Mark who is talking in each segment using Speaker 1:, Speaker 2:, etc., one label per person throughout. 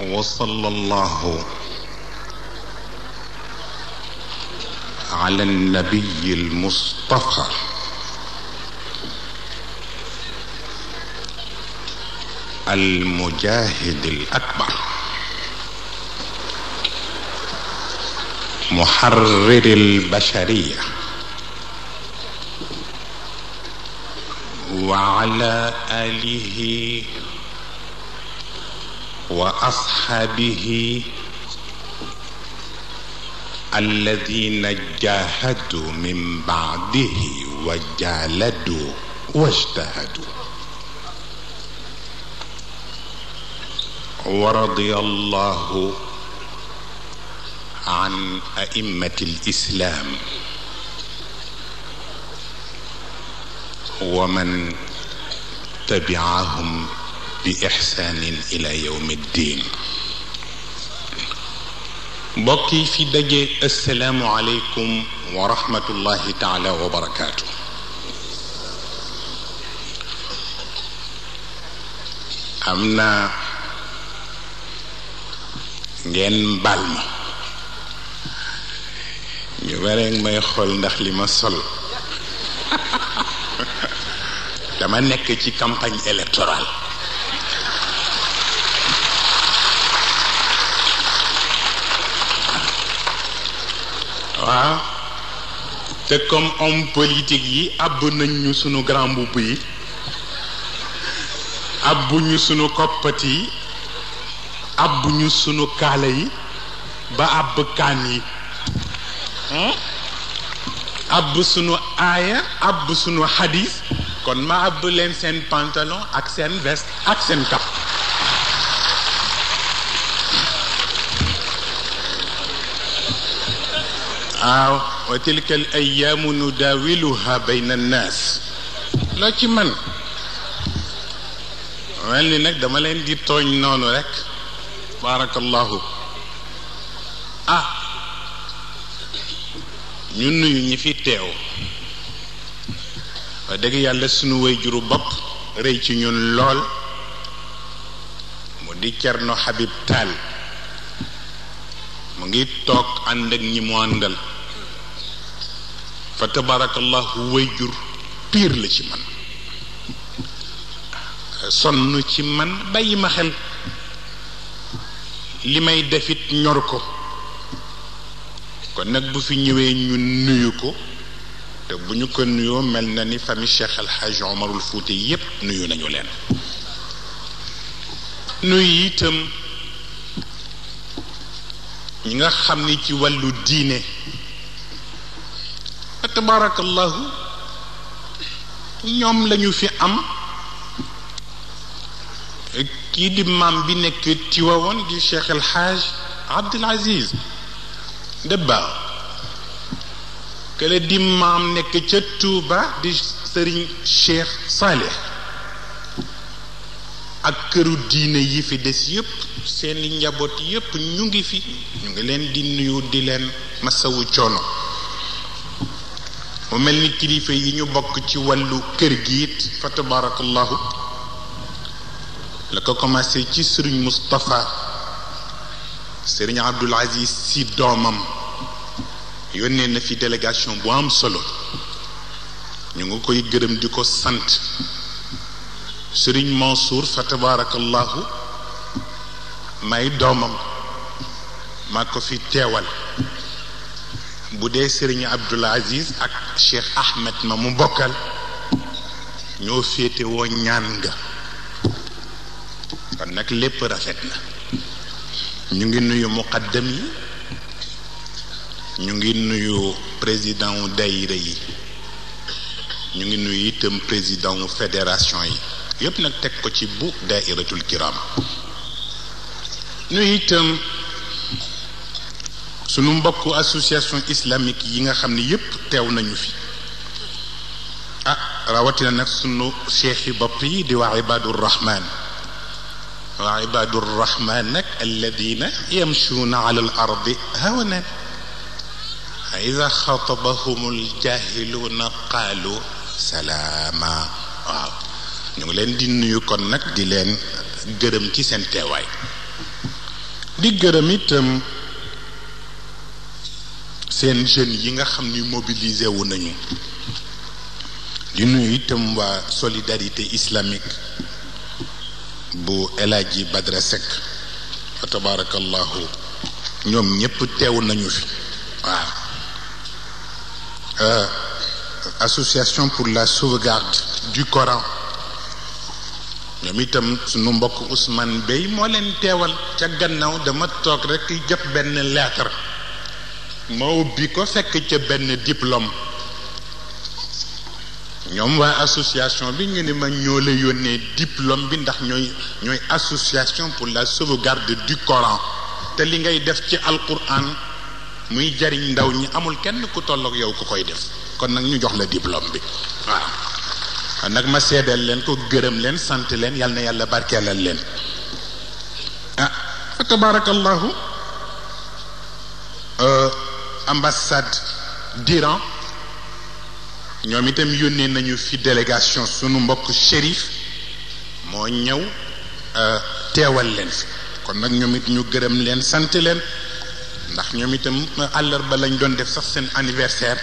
Speaker 1: وصلى الله على النبي المصطفى المجاهد الاكبر محرر البشريه وعلى اله واصحابه الذين جاهدوا من بعده وجالدوا واجتهدوا ورضي الله عن ائمه الاسلام ومن تبعهم باحسان الى يوم الدين بقي في دجي السلام عليكم ورحمة الله تعالى وبركاته أمنا جن بالما يبارك ما يخل دخل ما صل لما نكتي كامبانج إلكترال rare te comme homme politique yi àbb nañ ñu sunu grand mbubb yi àbb ñu sunu koppat yi àbb ñu sunu kaala yi ba àbb kaan yi hmm? àbb sunu aaya àbb sunu xadis kon ma àbb leen seen pantalon ak seen veste ak seen kap waaw wa tilka al ayaamu nudaawiluha bayna naas loo ci man mel ni nag dama leen di tooñ noonu rek baarakallahu ah ñu nuyu ñi fi teew wax dëgg yàlla sunu way juru bopp rëy ci ñun lool mu di Cerno Habib Taal mu ngi toog ànd ak ñi mu àndal فتبارك الله هو يجر تير لا سي مان باي ما لما لي نوركو نيوركو كون نك بو في نيوي ني نيوكو تا بو نيو كو نيو مل ناني فامي شيخ الحاج عمر الفوتي ييب نيو نانيو لين نوي تم ñi nga xamni ci walu fa tabarakallahu ñoom lañu fi am kii di bi nekk Tiwaawoon di Cheikh El Hadj Abdul Aziz Dabba kële di nekk ca tuuba di sëriñ Cheikh Saleh ak këru diine yi fi des yépp seeni njaboot yépp ñu ngi fi ñu ngi leen di nuyu di leen masawu coono mu mel ni kilifa yi ñu bokk ci wàllu kër gi it fa tabarakallahu la ko commencé ci sëriñ Moustapha sëriñ Abdul Aziz si doomam yónnee na fi délégation bu am solo ñu ngi koy gërëm di ko sant sëriñ Mansour fa tabarakallahu may doomam maa ko fi teewal bu dee sëriñ Abdul Aziz ak Cheikh Ahmed ma mu mbokkal ñoo féete woo ñaan nga kon nag lépp rafet na ñu ngi nuyu muqaddam yi ñu ngi nuyu président wu dayira yi ñu ngi nuyu itam président wu fédération yi yépp nag teg ko ci bu dairatul kiram nuyu itam sunu mbokku association islamique yi nga xam ne yépp teew nañu fi ah rawati na nag sunu cheikh yi bopp yi di waa ibadur rahman waa ibadur rahman nag alladina yamshuna ala al ardi hawanan ida xatabahum aljahiluuna qaalu salaama waaw ñu ngi leen di nuyu kon nag di leen gërëm ci seen teewaay di gërëm itam seen jeunes yi nga xam ni mobilisé wu nañu di nuyu itam waa solidarité islamique bu El Hadji Badra Seck wa ñoom ñëpp teew nañu fi waaw euh, association pour la sauvegarde du Coran ñoom itam sunu mbokk Ousmane Bey moo leen teewal ca gannaaw dama toog rekk jot benn lettre ma ubbi ko fekk ca benn diplôme ñoom waa association bi nga ne ma ñoo la yónnee diplôme bi ndax ñooy ñooy association pour la sauvegarde du Coran te li ngay def ci alquran muy jariñ ndaw ñi amul kenn ku tollook yow ku koy def kon nag ñu jox la diplôme bi waaw nag ma seedeel leen ko gërëm leen sant leen yal na yàlla barkeelal leen ah fa tabarakallahu ambassade d'Iran ñoom itam yónnee nañu fi délégation suñu mbokk shérif moo ñëw euh, teewal leen fi kon nag ñoom it ñu gërëm leen sant leen ndax ñoom itam euh, àllarba lañ doon def sax seen anniversaire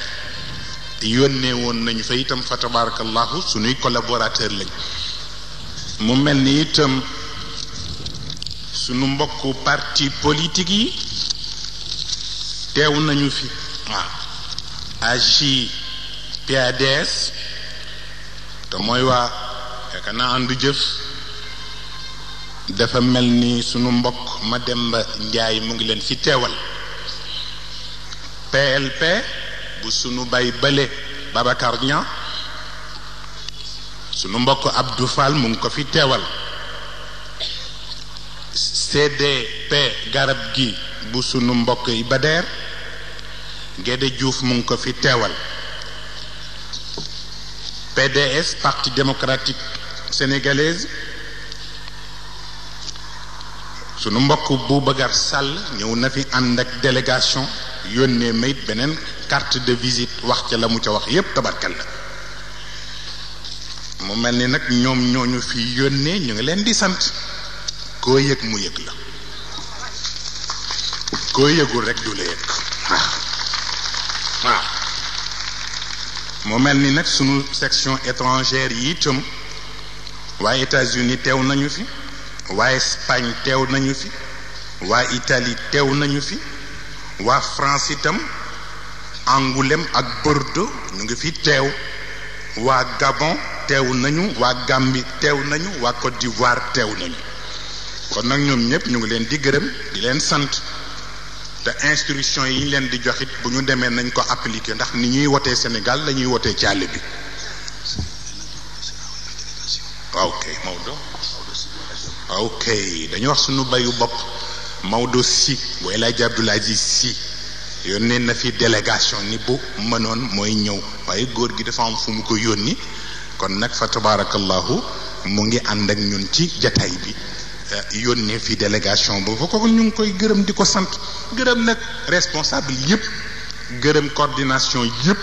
Speaker 1: yónnee woon nañu fa itam fa tabarakallahu suñuy collaborateur lañ mu mel ni itam sunu mbokk parti politique yi teew nañu fi waaw AJPADS te mooy waa yaakaar naa jëf dafa mel ni sunu mbokk ma Mademba Njaay mu ngi leen fi teewal PLP bu sunu bay bële Babacar Niang sunu mbokk Abdou Fall mu ngi ko fi teewal CDP garab gi bu sunu mbokk yi Bader Guédé juuf mu ngi ko fi teewal PDS Parti démocratique sénégalaise sunu mbokk Boubacar Sall ñëw na fi ànd ak délégation yónnee mayit beneen carte de visite wax ca la mu ca wax yépp tabarkal la mu mel ni nag ñoom ñooñu fi yónnee ñu ngi leen di sant koo yëg mu yëg la koo yëgul rek du la yëg waaw mu mel ni nag suñu section étrangère yi itam waa États-Unis teew nañu fi waa Espagne teew nañu fi waa itali teew nañu fi waa France itam Angoulême ak Bordeaux ñu ngi fi teew waa Gabon teew nañu waa Gambie teew nañu waa Côte d'Ivoire teew nañu kon nag ñoom ñëpp ñu ngi leen di gërëm di leen sant te instruction yi ñu leen di joxit bu ñu demee nañ ko appliquer ndax ni ñuy wotee Sénégal la ñuy wotee ci àll bi ok Maodo ok dañu wax suñu bayu bopp Maodo si bu El Hadj Abdoul Aziz si yónnee na fi délégation ni bu mënoon mooy ñëw waaye góor gi dafa am fu mu ko yónni kon nag fa tabarakallahu mu ngi ànd ak ñun ci jataay bi Yon nefi delegasyon bo. Fokokon yon koi girem dikosant. Girem le responsable yip. Girem koordinasyon yip.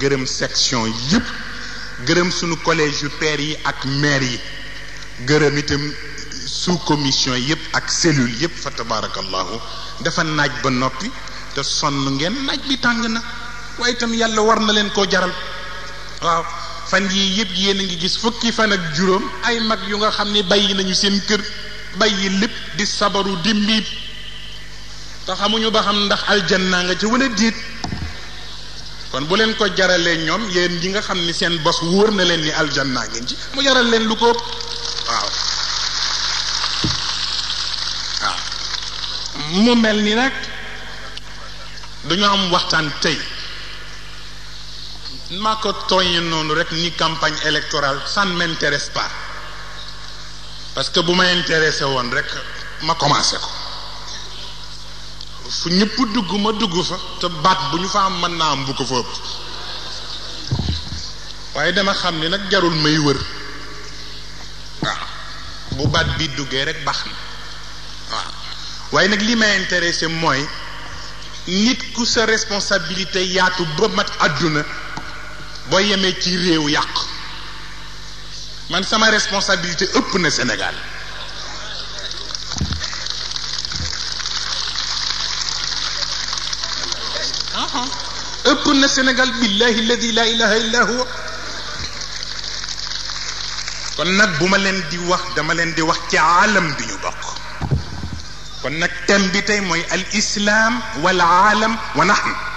Speaker 1: Girem seksyon yip. Girem sou nou koleji peri ak meri. Girem item sou komisyon yip ak selul yip. Fote barak Allah ou. Defan nag bonopi. Te son ngen. Nag bitan gena. Woy temi yal lo warmelen kodjaral. Woy. fan yii yëpp yéen a ngi gis fukki fan ak juróom ay mag yu nga xam ni bàyyi nañu seen kër bàyyi lépp di sabaru di mbiib te xamuñu ba xam ndax aljanna nga ci wala diit kon bu leen ko jaralee ñoom yéen yi nga xam ni seen bos wóor na leen ni aljanna ngeen ci mu jaral leen lu ko waaw mu mel ni nag dañu am waxtaan tey maa ko tooñe noonu rek ni campagne électorale ça ne m'intéresse pas parce que bu ma intéressé woon rek ma commencé ko fu ñëpp dugg ma dugg fa te baat bu ñu fa am mën naa am bu ko fa ëpp waaye dama xam ne nag jarul may wër waaw bu baat bi duggee rek baax na waaw waaye nag li ma intéressé mooy nit ku sa responsabilité yaatu ba mat àdduna boo yeme ci rew yak man sama responsabilité ëpp na Sénégal ëpp na Sénégal billahi alladhi la ilaha illa huwa kon nak buma len di wax dama len di wax ci alam bi ñu bok kon nak tem bi tay moy al islam wal alam wa nahnu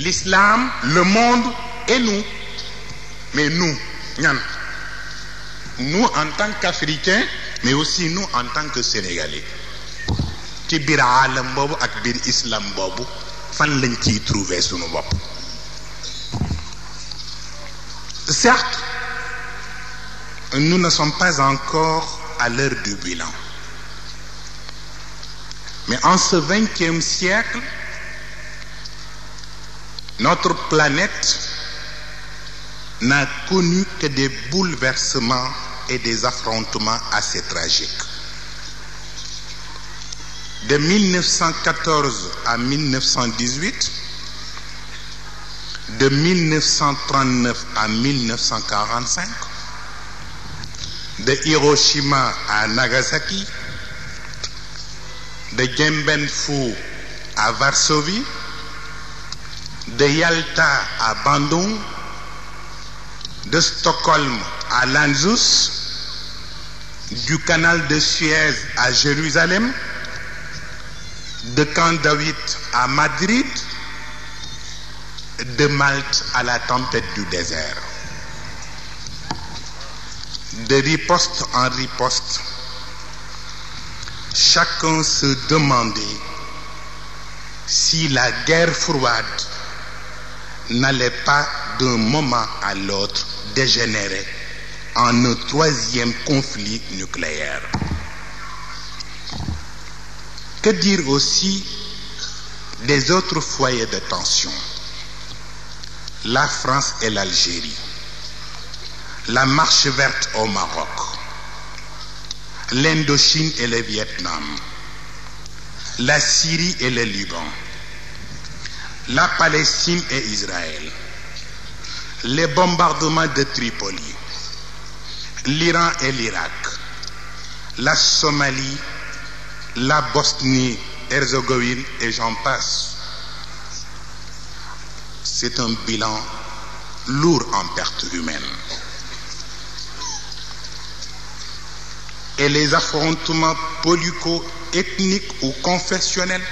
Speaker 1: l'islam, le monde et nous. Mais nous, nous en tant qu'Africains, mais aussi nous en tant que Sénégalais. ak certes nous ne sommes pas encore à l'heure du bilan mais en ce 20e siècle notre planète n'a connu que des bouleversements et des affrontements assez tragiques. De 1914 à 1918, de 1939 à 1945, de Hiroshima à Nagasaki, de Genbenfu à Varsovie, de Yalta à Bandung, de Stockholm à Lanzus, du canal de Suez à Jérusalem, de Camp David à Madrid, de Malte à la tempête du désert. De riposte en riposte, chacun se demandait si la guerre froide n'allait pas d'un moment à l'autre dégénérer en un troisième conflit nucléaire. Que dire aussi des autres foyers de tension La France et l'Algérie, la marche verte au Maroc, l'Indochine et le Vietnam, la Syrie et le Liban la Palestine et Israël, les bombardements de Tripoli, l'Iran et l'Irak, la Somalie, la Bosnie-Herzégovine et j'en passe. C'est un bilan lourd en pertes humaines. Et les affrontements politico-ethniques ou confessionnels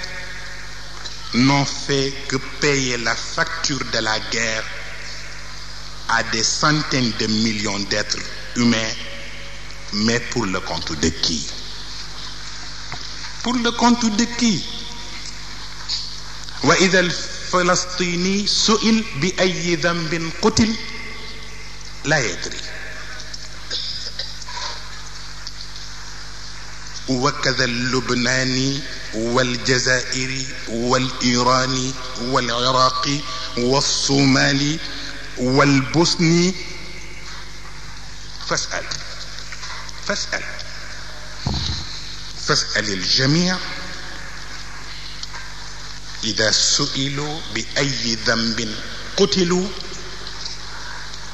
Speaker 1: n'ont fait que payer la facture de la guerre à des centaines de millions d'êtres humains, mais pour le compte de qui Pour le compte de qui الفلسطيني والجزائري والإيراني والعراقي والصومالي والبوسني فاسأل فاسأل فاسأل الجميع إذا سئلوا بأي ذنب قتلوا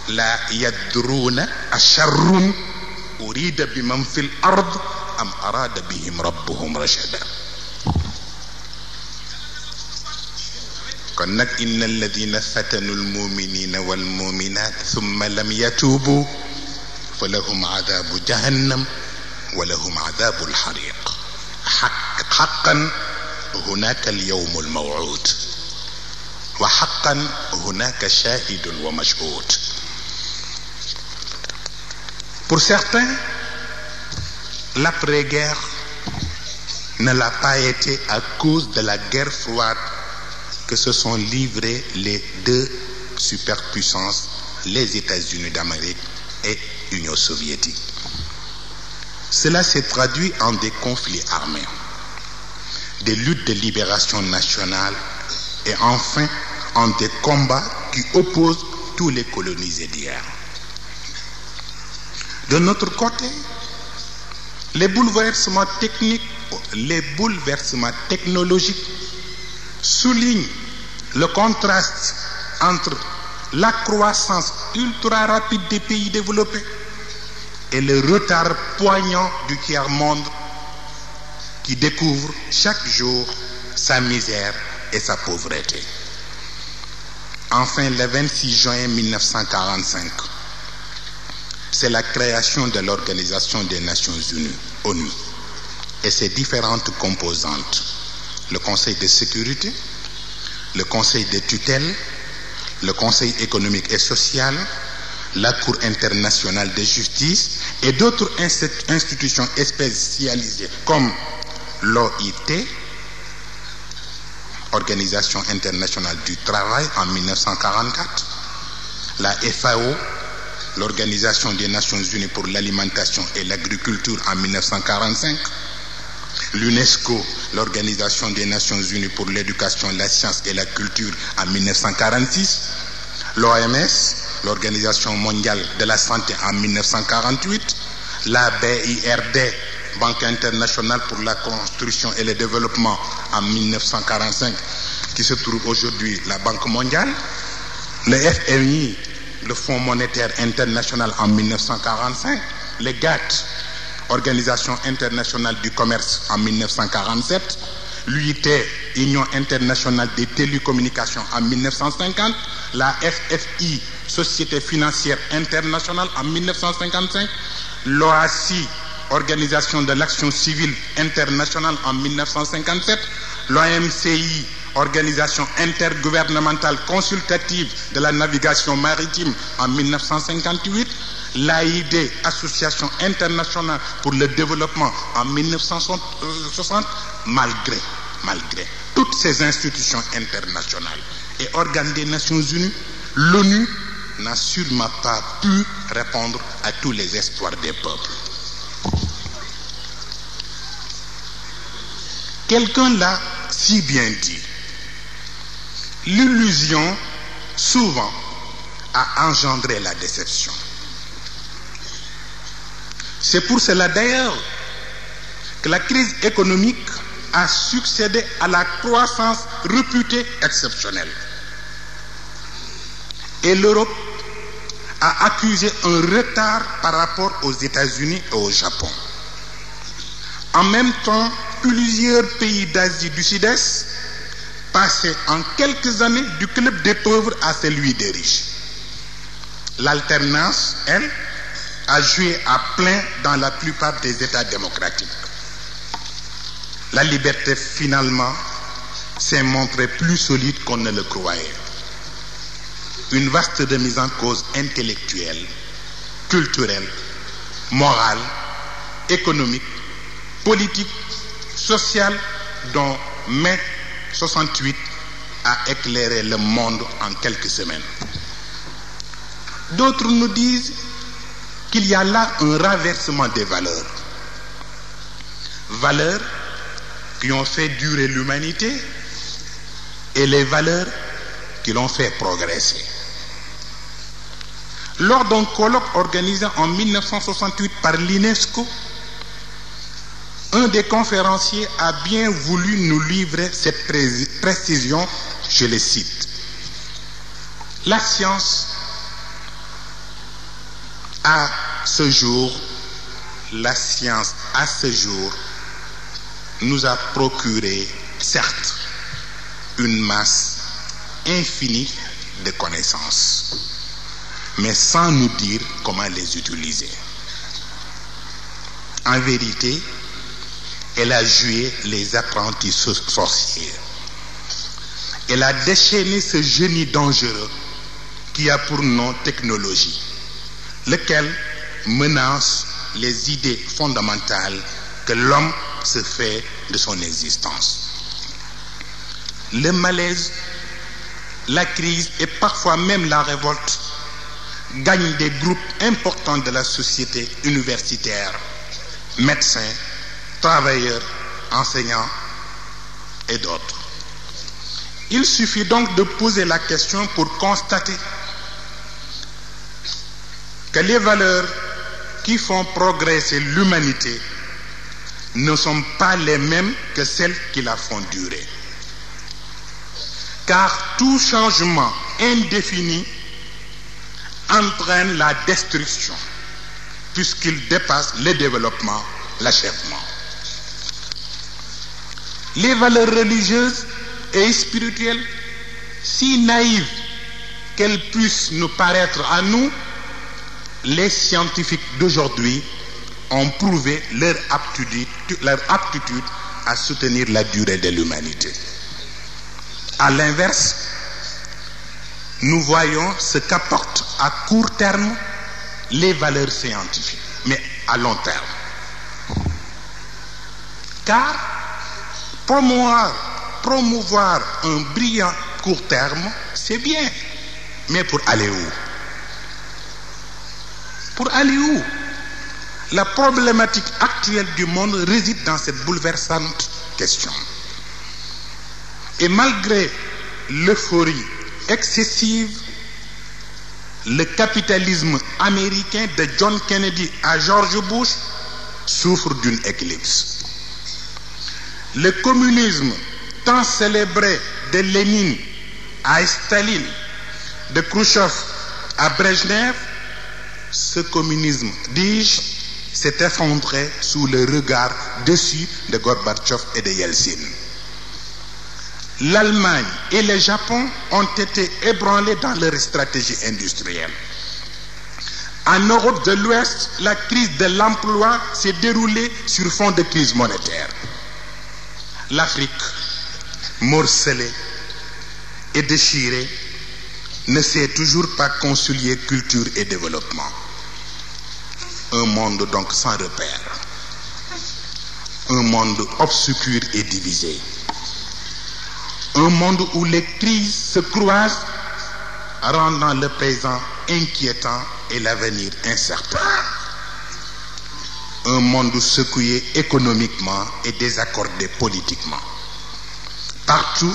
Speaker 1: لا يدرون أشر أريد بمن في الأرض أم أراد بهم ربهم رشدا kon ان الذين فتنوا المؤمنين والمؤمنات ثم thumma lam yatubu عذاب جهنم ولهم jahannam الحريق lahum adabu alxariq xaqan hunaka alyawm almawcud wa xaqan pour certains l'après-guerre ne l'a pas été à cause de la guerre froide que se sont livrées les deux superpuissances, les États-Unis d'Amérique et l'Union soviétique. Cela s'est traduit en des conflits armés, des luttes de libération nationale et enfin en des combats qui opposent tous les colonisés d'hier. De notre côté, les bouleversements techniques, les bouleversements technologiques souligne le contraste entre la croissance ultra rapide des pays développés et le retard poignant du tiers-monde qui découvre chaque jour sa misère et sa pauvreté. Enfin, le 26 juin 1945, c'est la création de l'Organisation des Nations Unies, ONU, et ses différentes composantes le Conseil de sécurité, le Conseil des tutelles, le Conseil économique et social, la Cour internationale de justice et d'autres institutions spécialisées comme l'OIT, Organisation internationale du travail en 1944, la FAO, l'Organisation des Nations Unies pour l'alimentation et l'agriculture en 1945, l'UNESCO, l'Organisation des Nations Unies pour l'éducation, la science et la culture en 1946, l'OMS, l'Organisation mondiale de la santé en 1948, la BIRD, Banque internationale pour la construction et le développement en 1945, qui se trouve aujourd'hui la Banque mondiale, le FMI, le Fonds monétaire international en 1945, les GATT, Organisation internationale du commerce en 1947, l'UIT, Union internationale des télécommunications en 1950, la FFI, Société financière internationale en 1955, l'OACI, Organisation de l'action civile internationale en 1957, l'OMCI, Organisation intergouvernementale consultative de la navigation maritime en 1958, l'AID, Association internationale pour le développement, en 1960, malgré, malgré toutes ces institutions internationales et organes des Nations Unies, l'ONU n'a sûrement pas pu répondre à tous les espoirs des peuples. Quelqu'un l'a si bien dit. L'illusion, souvent, a engendré la déception. C'est pour cela d'ailleurs que la crise économique a succédé à la croissance réputée exceptionnelle. Et l'Europe a accusé un retard par rapport aux États-Unis et au Japon. En même temps, plusieurs pays d'Asie du Sud-Est passaient en quelques années du club des pauvres à celui des riches. L'alternance, elle, a joué à plein dans la plupart des États démocratiques. La liberté finalement s'est montrée plus solide qu'on ne le croyait. Une vaste remise en cause intellectuelle, culturelle, morale, économique, politique, sociale, dont mai 68 a éclairé le monde en quelques semaines. D'autres nous disent qu'il y a là un renversement des valeurs. Valeurs qui ont fait durer l'humanité et les valeurs qui l'ont fait progresser. Lors d'un colloque organisé en 1968 par l'UNESCO, un des conférenciers a bien voulu nous livrer cette précision, je le cite. La science à ce jour, la science à ce jour nous a procuré, certes, une masse infinie de connaissances, mais sans nous dire comment les utiliser. En vérité, elle a joué les apprentis sorciers. Elle a déchaîné ce génie dangereux qui a pour nom technologie lequel menace les idées fondamentales que l'homme se fait de son existence. Le malaise, la crise et parfois même la révolte gagnent des groupes importants de la société universitaire, médecins, travailleurs, enseignants et d'autres. Il suffit donc de poser la question pour constater que les valeurs qui font progresser l'humanité ne sont pas les mêmes que celles qui la font durer. Car tout changement indéfini entraîne la destruction, puisqu'il dépasse le développement, l'achèvement. Les valeurs religieuses et spirituelles, si naïves qu'elles puissent nous paraître à nous, les scientifiques d'aujourd'hui ont prouvé leur aptitude, à soutenir la durée de l'humanité. À l'inverse, nous voyons ce qu'apportent à court terme les valeurs scientifiques, mais à long terme. Car promouvoir un brillant court terme, c'est bien, mais pour aller où pour aller où La problématique actuelle du monde réside dans cette bouleversante question. Et malgré l'euphorie excessive, le capitalisme américain de John Kennedy à George Bush souffre d'une éclipse. Le communisme, tant célébré de Lénine à Staline, de Khrushchev à Brezhnev, ce communisme, dis-je, s'est effondré sous le regard dessus de Gorbatchev et de Yeltsin. L'Allemagne et le Japon ont été ébranlés dans leur stratégie industrielle. En Europe de l'Ouest, la crise de l'emploi s'est déroulée sur fond de crise monétaire. L'Afrique, morcelée et déchirée, ne s'est toujours pas conciliée culture et développement un monde donc sans repère, un monde obscur et divisé, un monde où les crises se croisent, rendant le présent inquiétant et l'avenir incertain. Un monde secoué économiquement et désaccordé politiquement. Partout,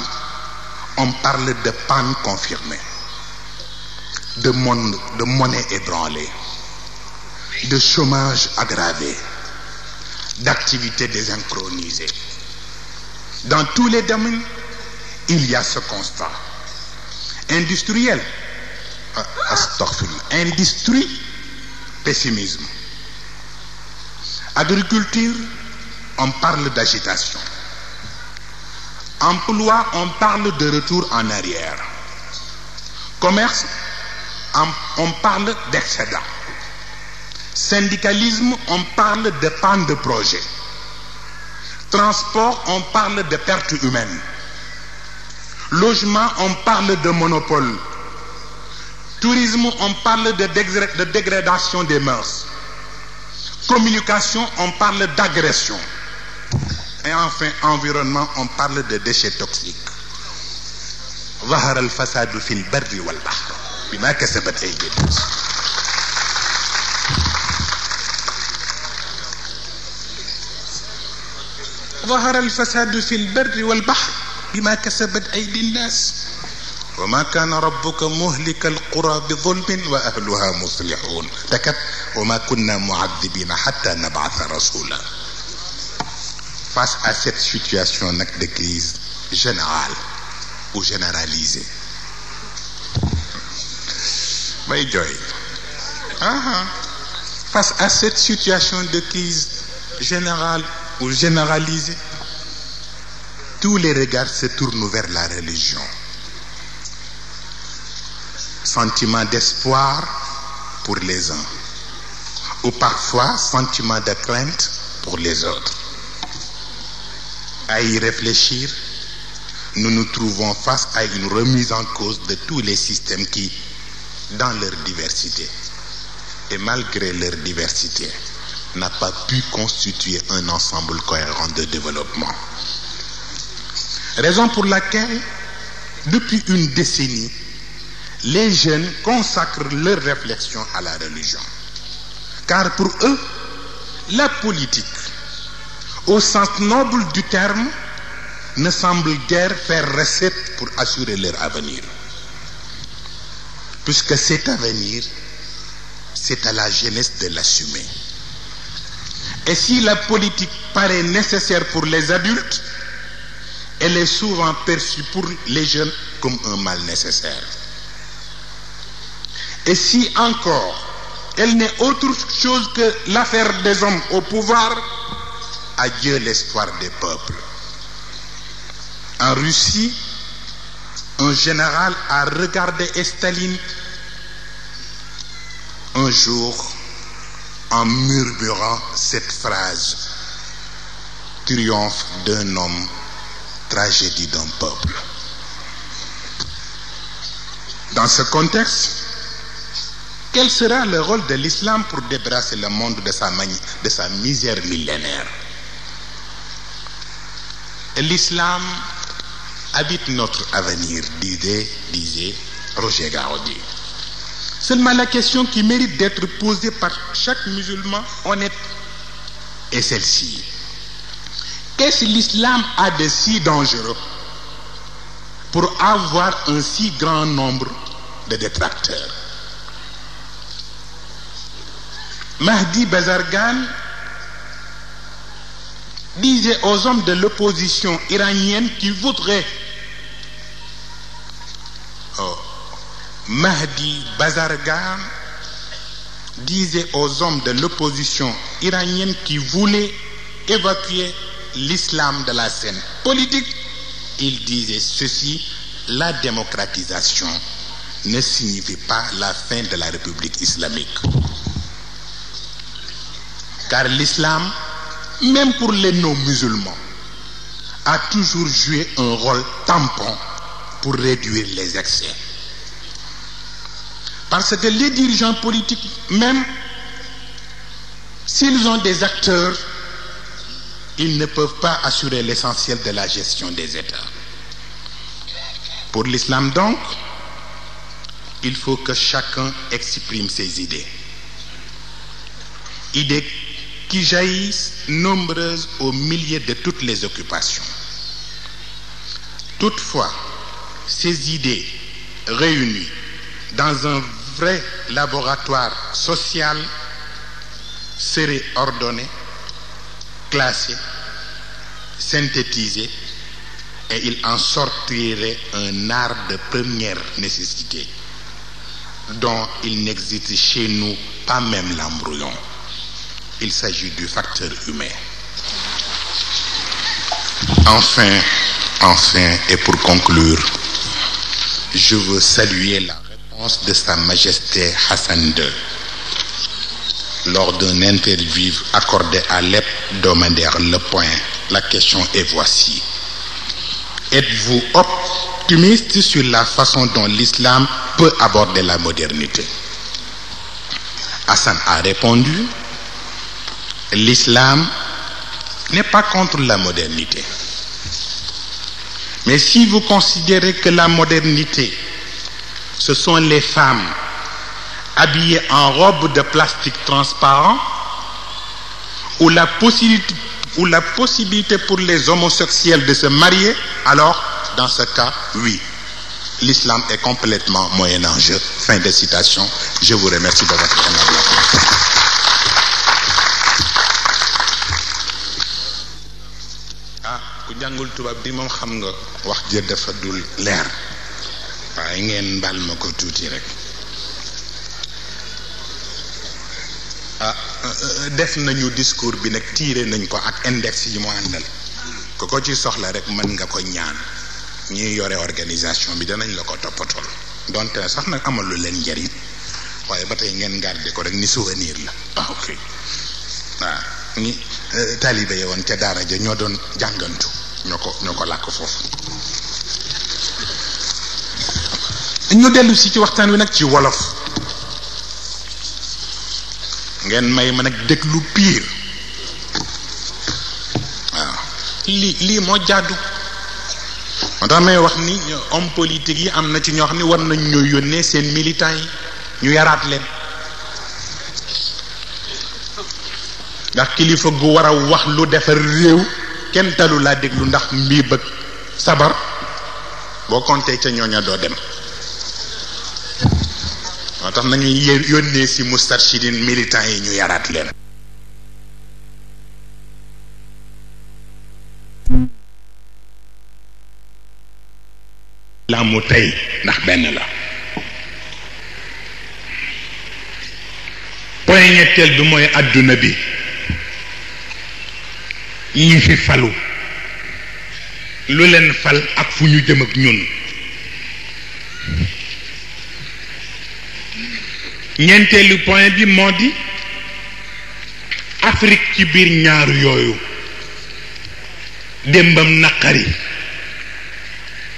Speaker 1: on parle de panne confirmée, de, monde, de monnaie ébranlée de chômage aggravé, d'activité désynchronisée. Dans tous les domaines, il y a ce constat. Industriel, ah, industrie, pessimisme. Agriculture, on parle d'agitation. Emploi, on parle de retour en arrière. Commerce, on parle d'excédent. Syndicalisme, on parle de panne de projet. Transport, on parle de pertes humaines. Logement, on parle de monopole. Tourisme, on parle de, dégradation des mœurs. Communication, on parle d'agression. Et enfin, environnement, on parle de déchets toxiques. ظهر الفساد في البر والبحر بما كسبت أيدي الناس وما كان ربك مهلك القرى بظلم وأهلها مصلحون تكت وما كنا معذبين حتى نبعث رسولا Face à cette situation nag de crise générale ou généralisée may jooy face à cette situation de crise générale ou généraliser, tous les regards se tournent vers la religion. Sentiment d'espoir pour les uns, ou parfois sentiment de crainte pour les autres. À y réfléchir, nous nous trouvons face à une remise en cause de tous les systèmes qui, dans leur diversité, et malgré leur diversité, n'a pas pu constituer un ensemble cohérent de développement. Raison pour laquelle, depuis une décennie, les jeunes consacrent leurs réflexions à la religion. Car pour eux, la politique, au sens noble du terme, ne semble guère faire recette pour assurer leur avenir. Puisque cet avenir, c'est à la jeunesse de l'assumer. Et si la politique paraît nécessaire pour les adultes, elle est souvent perçue pour les jeunes comme un mal nécessaire. Et si encore elle n'est autre chose que l'affaire des hommes au pouvoir, adieu l'espoir des peuples. En Russie, un général a regardé Staline un jour en murmurant cette phrase Triomphe d'un homme, tragédie d'un peuple. Dans ce contexte, quel sera le rôle de l'islam pour débrasser le monde de sa, de sa misère millénaire L'islam habite notre avenir, disait, disait Roger Gaudi. Seulement la question qui mérite d'être posée par chaque musulman honnête est celle-ci. Qu'est-ce que l'islam a de si dangereux pour avoir un si grand nombre de détracteurs Mahdi Bazargan disait aux hommes de l'opposition iranienne qu'ils voudraient oh, Mahdi Bazargan disait aux hommes de l'opposition iranienne qui voulaient évacuer l'islam de la scène politique, il disait ceci, la démocratisation ne signifie pas la fin de la République islamique. Car l'islam, même pour les non-musulmans, a toujours joué un rôle tampon pour réduire les excès. Parce que les dirigeants politiques, même s'ils ont des acteurs, ils ne peuvent pas assurer l'essentiel de la gestion des États. Pour l'islam donc, il faut que chacun exprime ses idées. Idées qui jaillissent nombreuses au milieu de toutes les occupations. Toutefois, ces idées réunies dans un vrai laboratoire social serait ordonné, classé, synthétisé et il en sortirait un art de première nécessité dont il n'existe chez nous pas même l'embrouillon. Il s'agit du facteur humain. Enfin, enfin, et pour conclure, je veux saluer la de Sa Majesté Hassan II. Lors d'un interview accordé à l'hebdomadaire Le Point, la question est voici. Êtes-vous optimiste sur la façon dont l'islam peut aborder la modernité Hassan a répondu, l'islam n'est pas contre la modernité. Mais si vous considérez que la modernité ce sont les femmes habillées en robe de plastique transparent ou la, possibilité, pour les homosexuels de se marier, alors, dans ce cas, oui, l'islam est complètement moyen jeu. Fin de citation. Je vous remercie de votre attention. Ah, waaye ngeen baal ma ko tuuti rek ah euh, def nañu discours bi nag tiire nañ ko ak index yi mu àndal ko ko ci soxla rek mën nga ko ñaan ñuy yore organisation bi danañ la ko toppatool donte sax nag amalu leen njariñ waaye ba tey ngeen garder ko rek ni souvenir la ah ok waaw ni euh, taalibe yowoon ca daara ja ñoo doon jàngantu ñoo ko ñoo ko làkk foofu ñu dellu si ci waxtaan wi nag ci wolof ngeen may ma nag déglu piir waaw lii lii moo jàddu moo tax may wax ni homme politique yi am na ci ñoo xam ne war nañ ñoo yónnee seen militants yi ñu yaraat leen ndax kilifa gu war a wax lu defar réew kenn talu laa déglu ndax mbii bëgg sabar boo compté ca ñooña doo dem moo tax nañu yónnee si mustarshidin militant yi ñu yaraat leen la ndax benn la point ñetteel bi mooy àdduna bi ñi fi falu lu leen fal ak fu ñu jëm ak ñun ñeenteelu point bi moo di Afrique ci biir ñaaru yooyu démbam naqari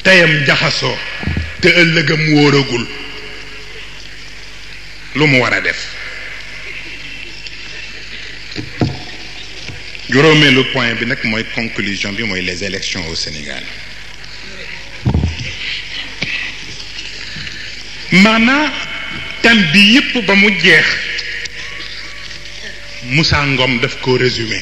Speaker 1: teyam jaxasoo te ëllëgam wóoragul lu mu war a def juróomeelu point bi nag mooy conclusion bi mooy les élections au Sénégal maanaa tam bi yépp ba mu jeex Moussa Ngom daf ko résumé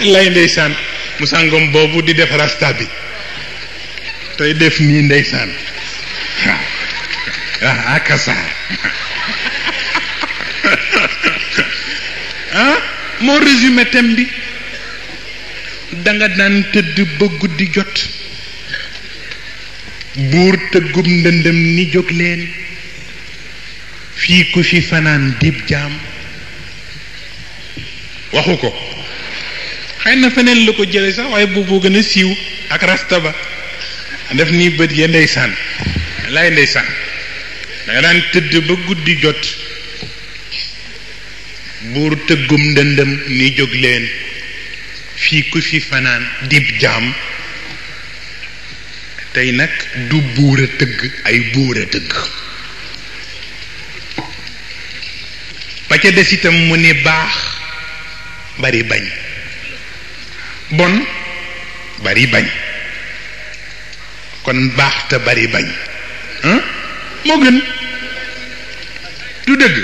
Speaker 1: lay ndeysaan Moussa Ngom boobu di def rasta bi tey def nii ndeysaan waaw ah moo résumé thème bi danga daan tëdd ba guddi jot buur tëggum ndëndëm ni jóg leen fii ku fi fanaan dib jaam waxu ko xëy na feneen la ko jële sax waaye boobu gën a siiw ak rasta ba def ni bët ya ndeysaan lay ndeysaan danga daan tëdd ba guddi jot buur tëggum ndëndam ni jóg leen fii ku fi fanaan dib jaam tey nag du buur a tëgg ay buur a tëgg ba ca des itam mu ni baax bari bañ bon bari bañ kon baax te bari bañ moo gën du dëgg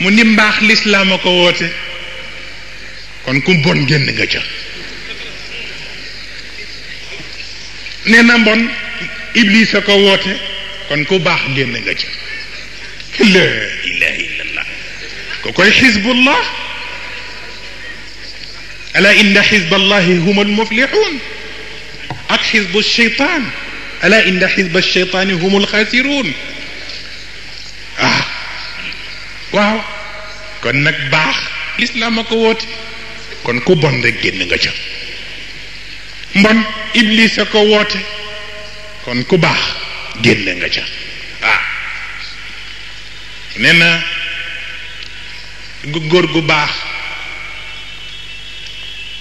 Speaker 1: mu ni mbaax lislaam a ko woote kon ku bon génn nga ca nee na mbon iblis a ko kon ku baax génn nga ca la ilaha illallah ko koy xizbullah ala inna xizballahi hum almuflixun ak xizbu cheytaan ala inna xizba cheytaani hum alxaasiruun ah kon nag baax lislaam a ko woote kon ku bon rek génn nga ca iblis a ko woote kon ku baax génn nga ca ah nee na góor gu baax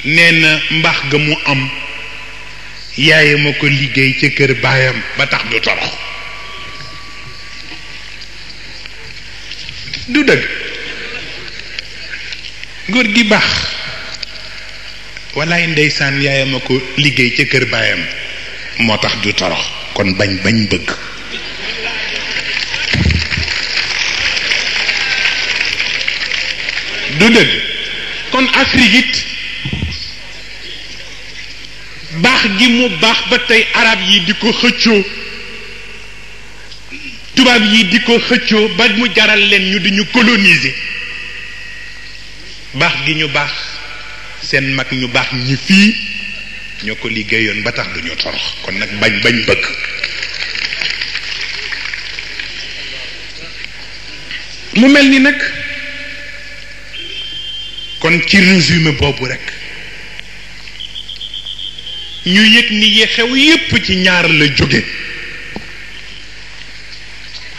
Speaker 1: nee na mbaax ga mu am yaay ko liggéey ca kër baayam ba tax du torox du dëgg góor gi baax walaay ndeysaan yaayam a ko liggéey ca kër baayam moo tax du torox kon bañ bañ bëgg du dëgg kon Afrique baax gi mu baax ba tey arab yi di ko xëccoo tubaab yi di ko xëccoo ba mu jaral leen ñu di ñu baax gi ñu baax seen mag ñu baax ñi fii ñoo ko liggéeyoon ba tax duñu torox kon nag bañ bañ bëgg mu mel ni nag kon ci résumé boobu rekk ñu yëg ni yi xew yépp ci ñaar la jóge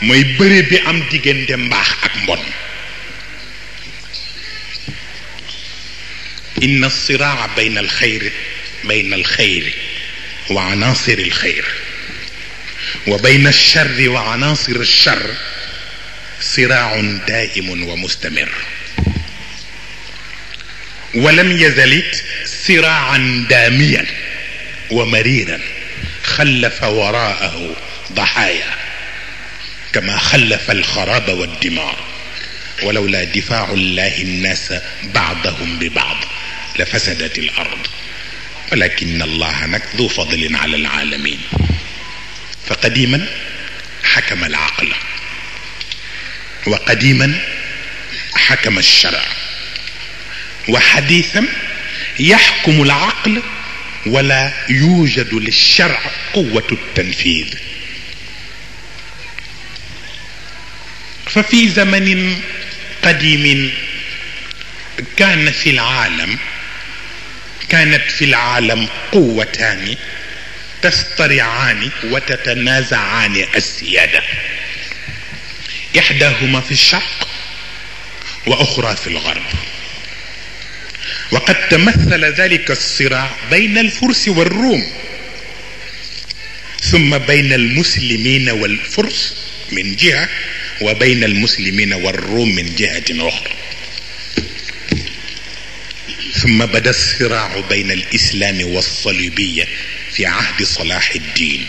Speaker 1: mooy bëre bi am diggante mbaax ak mbon ان الصراع بين الخير بين الخير وعناصر الخير وبين الشر وعناصر الشر صراع دائم ومستمر ولم يزل صراعا داميا ومريرا خلف وراءه ضحايا كما خلف الخراب والدمار ولولا دفاع الله الناس بعضهم ببعض لفسدت الارض ولكن الله ذو فضل على العالمين فقديما حكم العقل وقديما حكم الشرع وحديثا يحكم العقل ولا يوجد للشرع قوة التنفيذ ففي زمن قديم كان في العالم كانت في العالم قوتان تصطرعان وتتنازعان السيادة إحداهما في الشرق وأخرى في الغرب وقد تمثل ذلك الصراع بين الفرس والروم ثم بين المسلمين والفرس من جهة وبين المسلمين والروم من جهة أخرى ثم بدا الصراع بين الاسلام والصليبيه في عهد صلاح الدين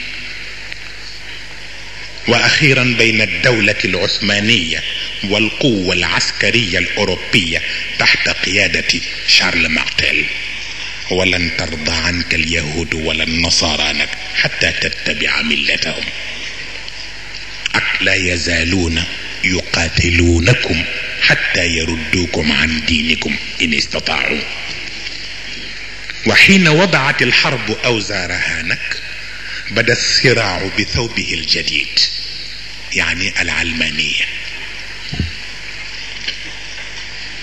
Speaker 1: واخيرا بين الدوله العثمانيه والقوه العسكريه الاوروبيه تحت قياده شارل مارتيل ولن ترضى عنك اليهود ولا النصارى حتى تتبع ملتهم لا يزالون يقاتلونكم حتى يردوكم عن دينكم إن استطاعوا وحين وضعت الحرب أوزارها نك بدا الصراع بثوبه الجديد يعني العلمانية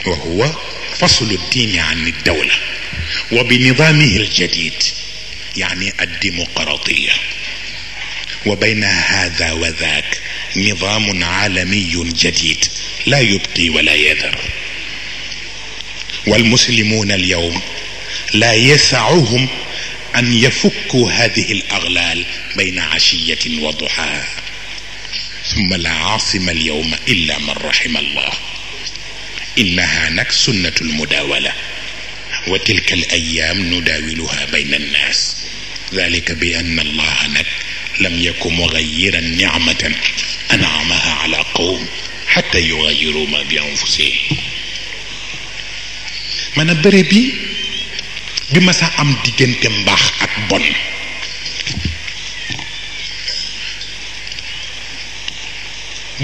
Speaker 1: وهو فصل الدين عن الدولة وبنظامه الجديد يعني الديمقراطية وبين هذا وذاك نظام عالمي جديد لا يبقي ولا يذر والمسلمون اليوم لا يسعهم ان يفكوا هذه الاغلال بين عشيه وضحاها ثم لا عاصم اليوم الا من رحم الله انها نك سنه المداوله وتلك الايام نداولها بين الناس ذلك بان الله نك لم يكن مغيرا نعمه انعمها على قوم xatta yughayyiru ma bi bi bi ma sa am diggante mbaax ak bon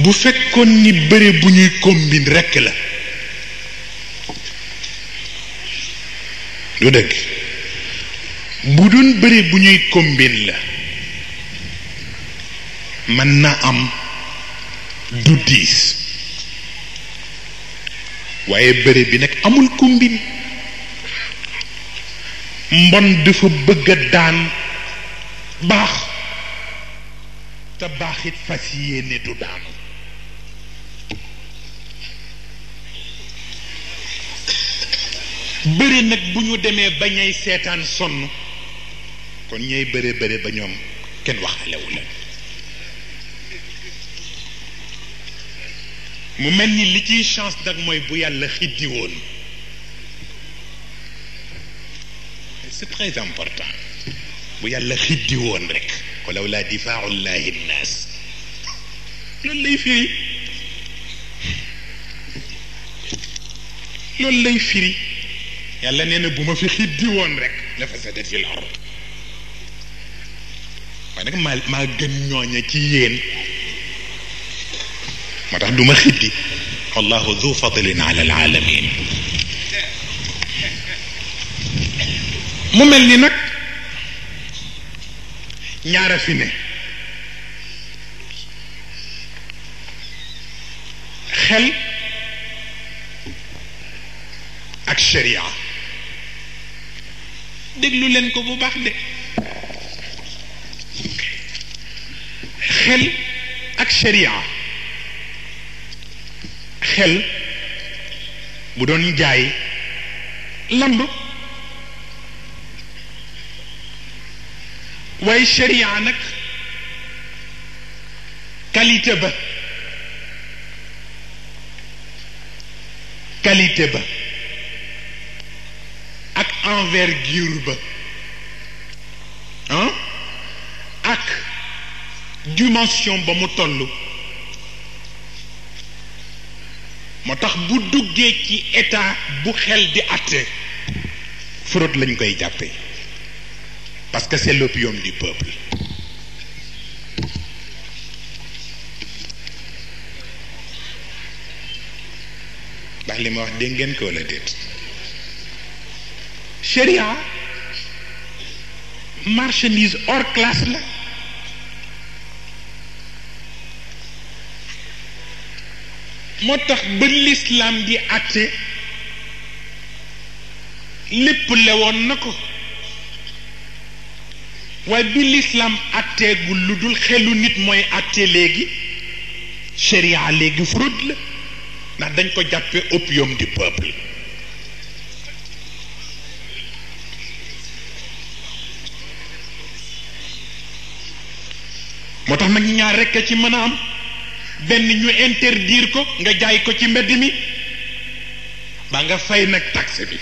Speaker 1: bu fekkoon ni bëre bu ñuy combine rekk la du dëgg bu doon bëre bu ñuy combine la mën na am du diis waaye bëre bi nag amul kumbin mbon dafa bëgg a daan baax te baaxit fas yéene du daanu bëri nag bu ñu demee ba ñay seetaan sonn kon ñay bëre bëre ba ñoom kenn waxalewu mu melni li ci chance nag moy bu yàlla xiddi won c'est très important bu yàlla xiddi won rek ko lawla difa'u llahi nnas lol lay firi lol lay firi yàlla neena buma fi xiddi won rek la fa fi fil ard waaye nag ma maa gën ñoña ci yéen عنده مخدي الله ذو فضل على العالمين mu mel ni nag ñaara fi ne xel ak sharia déglu leen ko bu baax de xel ak sharia xel bu doon jaay lamb waaye sharia nag qualité ba qualité ba ak envergure ba ah ak dimension ba mu toll wax qui est un état bu xel di atte parce que c'est l'opium du peuple ndax li ma wax ngeen ko sharia marchandise hors classe là moo tax ba lislaam di àtte lépp lewoon na ko waaye bi lislaam àtteegul lu dul xelu nit mooy àtte léegi sharia léegi fraude la ndax dañ ko jàppee opium du peuple moo tax nag ñaar rekk a ci mën a am ben ñu interdire ko nga jaay ko ci mbedd mi ba nga fay nag taxe bi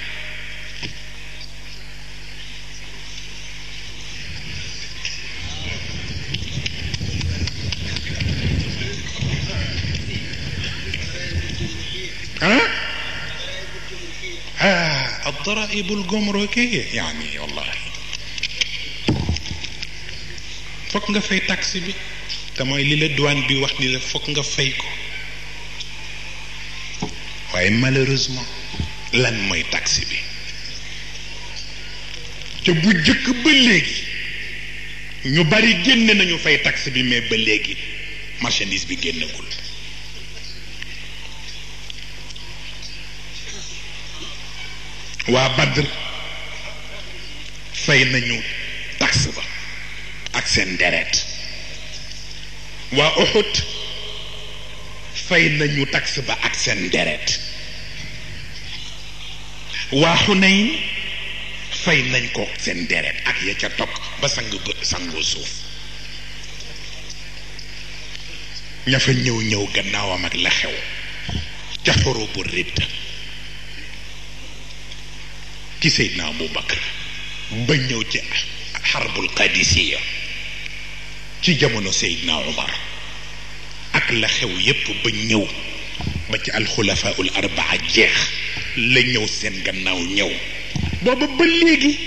Speaker 1: الضرائب الجمركية يعني والله فوق في تاكسي بي te mooy li la douane bi wax ni la foog nga fay ko waaye malheureusement lan mooy taxe bi te bu jëkk ba léegi ñu bari génne nañu fay taxe bi mais ba léegi marchandise bi génnagul waa Badr fay nañu taxe ba ak seen deret waa Uhud fay nañu tax ba ak seen deret waa Xunayn fay nañ ko seen deret ak ya ca topp ba sang sangu suuf ña fa ñëw ñëw gannaawam ak la xew ca xorobu ridd ci Seydina Abubakar ba ñëw ci xarbul qadisiya ci jamono sayidna umar ak la xew yep ba ñëw ba ci al khulafa al arbaa jeex la ñëw seen gannaaw ñëw booba ba legi